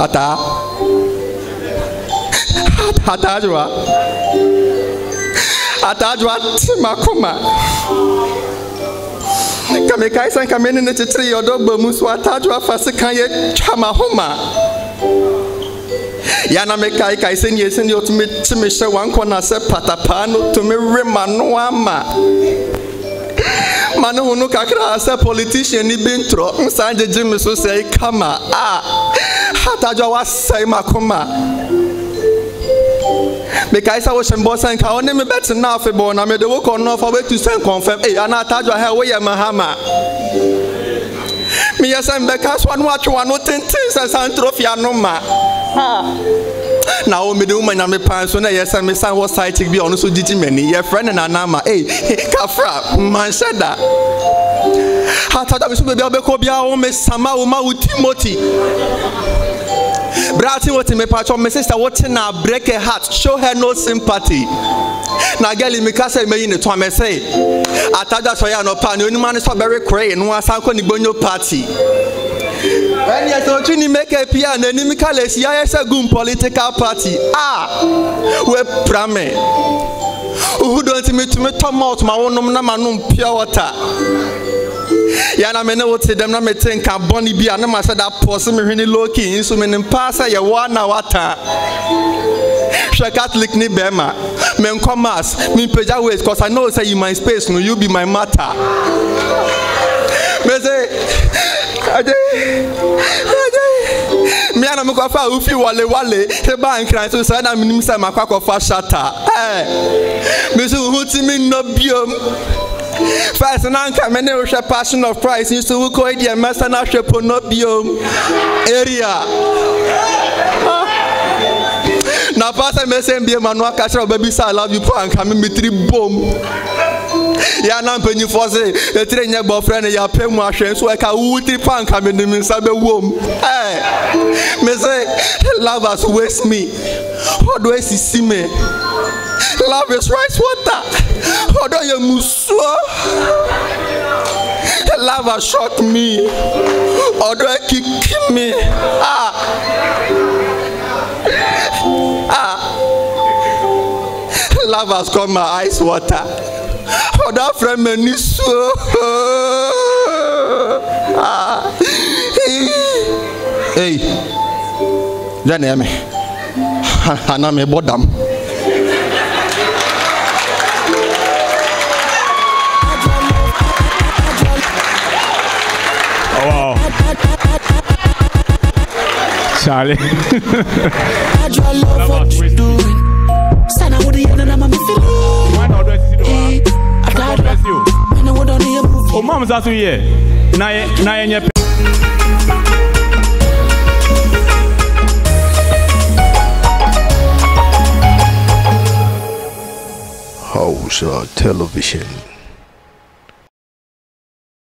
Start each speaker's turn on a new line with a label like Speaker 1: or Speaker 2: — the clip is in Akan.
Speaker 1: Hata. Hatajwa. Hatajwa timakuma. Kame kaisan kame nene chichiri yodogbo musu hatajwa fasikan ye chamahuma. na me kai kaisen yesen yotumi timishe wankona se patapano tumi remanu ama. Manu hunu kakra ase politician ni bintro. Nsa jejimi so se kama. Ah atajwa wasɛm akoma mekae sɛ wohyɛ mbɔ sɛ nka wo ne me bɛtena afebɔɔ na mede wo kɔ nɔfa wobɛtu sɛ nkɔmfam ei ana atadwa hɛ woyɛ mahama meyɛ sɛ mbɛka soa no atwe wano tenten sɛ santrofia no ma na wo mede wo manya mepan so na ɛyɛ sɛ mesan wɔ sitic bi a ɔno so gyigyi m'ani yɛfrɛ ne nanama ei kafra manhyɛ da atata mi so beebi a wobɛkɔ biara wo mesama wo ma wo timoti Bratin what in my patch my sister what in her break her heart show her no sympathy na girl in mika say meyi ne to am say ataja so ya no pa ni onima ne so very cray no asan ko ni gbonyo party ẹni ẹsẹ ojú ni a pia na ẹni mika lè si ayẹsẹ gun political party ah wẹ pramẹ uhudo ntumi tumi tọ malt ma wọn nom na ma nom pure water yɛn na me ne wo te dɛm na me te nka bɔne bi a ne ma sɛ da pɔ se mehwene loki nso me ne mpaa sɛ yɛwɔ a woataa hwɛ catholic ni bɛrima menkɔ mass mempagya wait cause i know sɛ you my space no you be my matter mese ade ade mmea na mekɔfa a wofi walewale te baa nkran so sɛ na menim sɛ makɔ akɔfa shata me mese wo ho timi nnɔ biom first na nka me ne passion of christ nso wokɔ deɛ mɛsɛ no ahwɛ pono biom area na pastor mɛsɛn bie ma no aka kyerɛ ɔbɛbi sɛ i love you po anka me metiri bom yɛana mpanyimfoɔ se ɛtire nyɛ bɔfrɛ no yɛapɛ mu ahwɛ nso ɛka wowotiri pa anka mede me nsa bɛwom me love has waste me do ɔdɔ see me Love is rice water. Ọ̀dọ́ yẹn mú sọ́. Love has shot me. Ọ̀dọ́ yẹn kì í kí Ah. Ah. Love has got my eyes water. Ọ̀dọ́ afẹ́ mi ní sọ́. Ah. Hey, jẹ́ ni ẹ mi, àná mi bọ́ dàm. Charlie. 哦，妈，这是谁？奈奈耶尼。House Television。